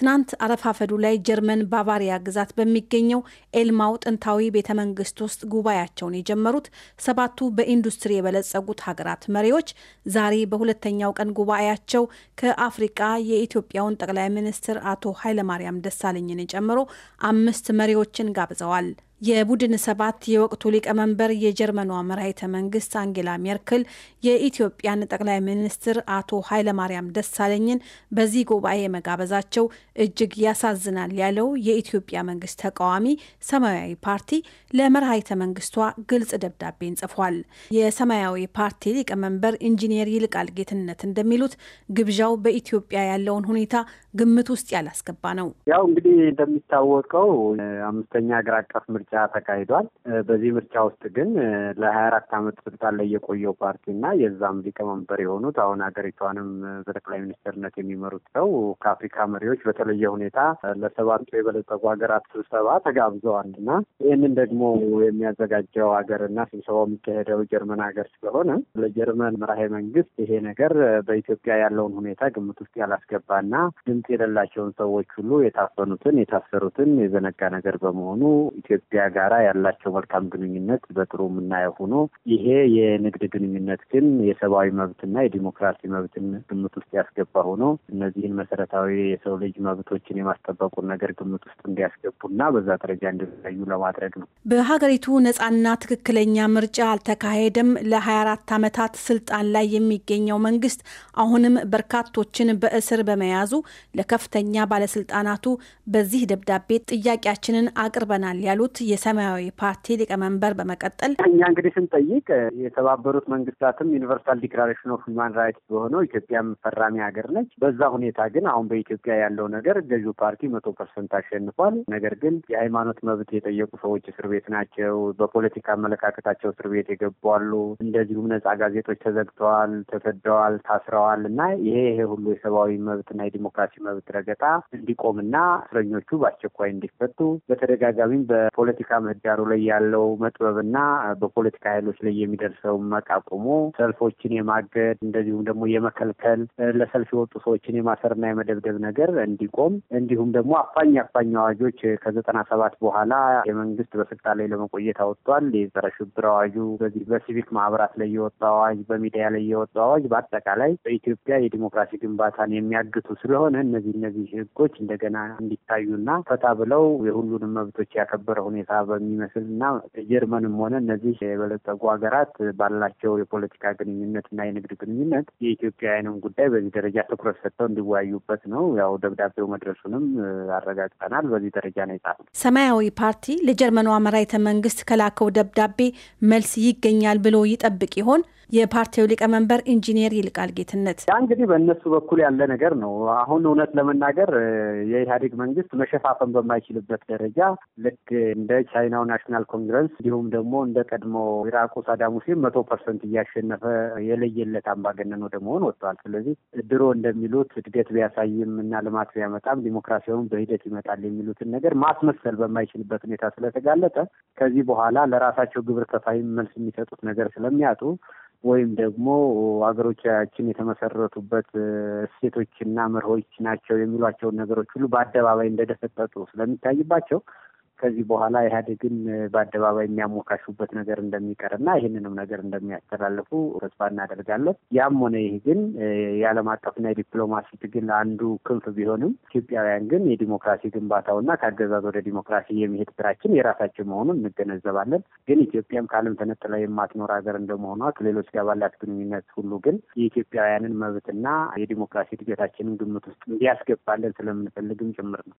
ትናንት አረፋፈዱ ላይ ጀርመን ባቫሪያ ግዛት በሚገኘው ኤልማው ጥንታዊ ቤተ መንግስት ውስጥ ጉባኤያቸውን የጀመሩት ሰባቱ በኢንዱስትሪ የበለጸጉት ሀገራት መሪዎች ዛሬ በሁለተኛው ቀን ጉባኤያቸው ከአፍሪቃ የኢትዮጵያውን ጠቅላይ ሚኒስትር አቶ ኃይለማርያም ደሳለኝን ጨምሮ አምስት መሪዎችን ጋብዘዋል። የቡድን ሰባት የወቅቱ ሊቀመንበር የጀርመኗ መራሄተ መንግስት አንጌላ ሜርክል የኢትዮጵያን ጠቅላይ ሚኒስትር አቶ ኃይለማርያም ደሳለኝን በዚህ ጉባኤ መጋበዛቸው እጅግ ያሳዝናል ያለው የኢትዮጵያ መንግስት ተቃዋሚ ሰማያዊ ፓርቲ ለመራሄተ መንግስቷ ግልጽ ደብዳቤን ጽፏል። የሰማያዊ ፓርቲ ሊቀመንበር ኢንጂኒየር ይልቃል ጌትነት እንደሚሉት ግብዣው በኢትዮጵያ ያለውን ሁኔታ ግምት ውስጥ ያላስገባ ነው። ያው እንግዲህ እንደሚታወቀው አምስተኛ ሀገር አቀፍ ምርጫ ምርጫ ተካሂዷል። በዚህ ምርጫ ውስጥ ግን ለሀያ አራት ዓመት ስልጣን ላይ የቆየው ፓርቲና የዛም ሊቀመንበር የሆኑት አሁን ሀገሪቷንም በጠቅላይ ሚኒስትርነት የሚመሩት ሰው ከአፍሪካ መሪዎች በተለየ ሁኔታ ለሰባቱ የበለጸጉ ሀገራት ስብሰባ ተጋብዘዋል እና ይህንን ደግሞ የሚያዘጋጀው ሀገር እና ስብሰባው የሚካሄደው ጀርመን ሀገር ስለሆነ ለጀርመን መራሄ መንግስት ይሄ ነገር በኢትዮጵያ ያለውን ሁኔታ ግምት ውስጥ ያላስገባና ድምፅ የሌላቸውን ሰዎች ሁሉ የታፈኑትን የታሰሩትን የዘነጋ ነገር በመሆኑ ኢትዮጵያ ከዚያ ጋራ ያላቸው መልካም ግንኙነት በጥሩ የምናየው ሆኖ ይሄ የንግድ ግንኙነት ግን የሰብአዊ መብትና የዲሞክራሲ መብትን ግምት ውስጥ ያስገባ ሆኖ እነዚህን መሰረታዊ የሰው ልጅ መብቶችን የማስጠበቁን ነገር ግምት ውስጥ እንዲያስገቡና በዛ ደረጃ እንዲለዩ ለማድረግ ነው። በሀገሪቱ ነጻና ትክክለኛ ምርጫ አልተካሄደም። ለ24 ዓመታት ስልጣን ላይ የሚገኘው መንግስት አሁንም በርካቶችን በእስር በመያዙ ለከፍተኛ ባለስልጣናቱ በዚህ ደብዳቤ ጥያቄያችንን አቅርበናል ያሉት የሰማያዊ ፓርቲ ሊቀመንበር በመቀጠል እኛ እንግዲህ ስንጠይቅ የተባበሩት መንግስታትም ዩኒቨርሳል ዲክላሬሽን ኦፍ ሁማን ራይትስ በሆነው ኢትዮጵያም ፈራሚ ሀገር ነች። በዛ ሁኔታ ግን አሁን በኢትዮጵያ ያለው ነገር ገዢው ፓርቲ መቶ ፐርሰንት አሸንፏል። ነገር ግን የሃይማኖት መብት የጠየቁ ሰዎች እስር ቤት ናቸው። በፖለቲካ አመለካከታቸው እስር ቤት የገቡ አሉ። እንደዚሁም ነጻ ጋዜጦች ተዘግተዋል፣ ተሰደዋል፣ ታስረዋል እና ይሄ ይሄ ሁሉ የሰብአዊ መብትና የዲሞክራሲ መብት ረገጣ እንዲቆምና እስረኞቹ በአስቸኳይ እንዲፈቱ በተደጋጋሚም በፖለቲ በፖለቲካ ምህዳሩ ላይ ያለው መጥበብና በፖለቲካ ኃይሎች ላይ የሚደርሰው መቃቁሙ ሰልፎችን የማገድ እንደዚሁም ደግሞ የመከልከል ለሰልፍ የወጡ ሰዎችን የማሰርና የመደብደብ ነገር እንዲቆም እንዲሁም ደግሞ አፋኝ አፋኝ አዋጆች ከዘጠና ሰባት በኋላ የመንግስት በስልጣን ላይ ለመቆየት አወጥቷል። የጸረ ሽብር አዋጁ በዚህ በሲቪክ ማህበራት ላይ የወጡ አዋጅ፣ በሚዲያ ላይ የወጡ አዋጅ በአጠቃላይ በኢትዮጵያ የዲሞክራሲ ግንባታን የሚያግቱ ስለሆነ እነዚህ እነዚህ ህጎች እንደገና እንዲታዩና ፈታ ብለው የሁሉንም መብቶች ያከበረ ሁኔታ ሁኔታ በሚመስል እና ጀርመንም ሆነ እነዚህ የበለጸጉ ሀገራት ባላቸው የፖለቲካ ግንኙነት እና የንግድ ግንኙነት የኢትዮጵያውያንን ጉዳይ በዚህ ደረጃ ትኩረት ሰጥተው እንዲወያዩበት ነው። ያው ደብዳቤው መድረሱንም አረጋግጠናል። በዚህ ደረጃ ነው የጻፍነው። ሰማያዊ ፓርቲ ለጀርመኑ መራሒተ መንግስት ከላከው ደብዳቤ መልስ ይገኛል ብሎ ይጠብቅ ይሆን? የፓርቲው ሊቀመንበር ኢንጂኒየር ይልቃል ጌትነት። ያ እንግዲህ በእነሱ በኩል ያለ ነገር ነው። አሁን እውነት ለመናገር የኢህአዴግ መንግስት መሸፋፈን በማይችልበት ደረጃ ልክ እንደ ቻይናው ናሽናል ኮንግረስ እንዲሁም ደግሞ እንደ ቀድሞ ኢራቁ ሳዳም ሁሴን መቶ ፐርሰንት እያሸነፈ የለየለት አምባገነን ወደ መሆን ወጥተዋል። ስለዚህ ድሮ እንደሚሉት እድገት ቢያሳይም እና ልማት ቢያመጣም ዲሞክራሲያውን በሂደት ይመጣል የሚሉትን ነገር ማስመሰል በማይችልበት ሁኔታ ስለተጋለጠ ከዚህ በኋላ ለራሳቸው ግብር ከፋይም መልስ የሚሰጡት ነገር ስለሚያጡ ወይም ደግሞ አገሮቻችን የተመሰረቱበት እሴቶችና መርሆች ናቸው የሚሏቸውን ነገሮች ሁሉ በአደባባይ እንደደፈጠጡ ስለሚታይባቸው ከዚህ በኋላ ኢህአዴግን በአደባባይ የሚያሞካሹበት ነገር እንደሚቀርና ይህንንም ነገር እንደሚያስተላልፉ ተስፋ እናደርጋለን። ያም ሆነ ይህ ግን የዓለም አቀፍና የዲፕሎማሲ ትግል አንዱ ክንፍ ቢሆንም ኢትዮጵያውያን ግን የዲሞክራሲ ግንባታውና ከአገዛዝ ወደ ዲሞክራሲ የሚሄድ ስራችን የራሳችን መሆኑን እንገነዘባለን። ግን ኢትዮጵያም ከዓለም ተነጥላ የማትኖር ሀገር እንደመሆኗ ከሌሎች ጋር ባላት ግንኙነት ሁሉ ግን የኢትዮጵያውያንን መብትና የዲሞክራሲ እድገታችንን ግምት ውስጥ እንዲያስገባለን ስለምንፈልግም ጭምር ነው።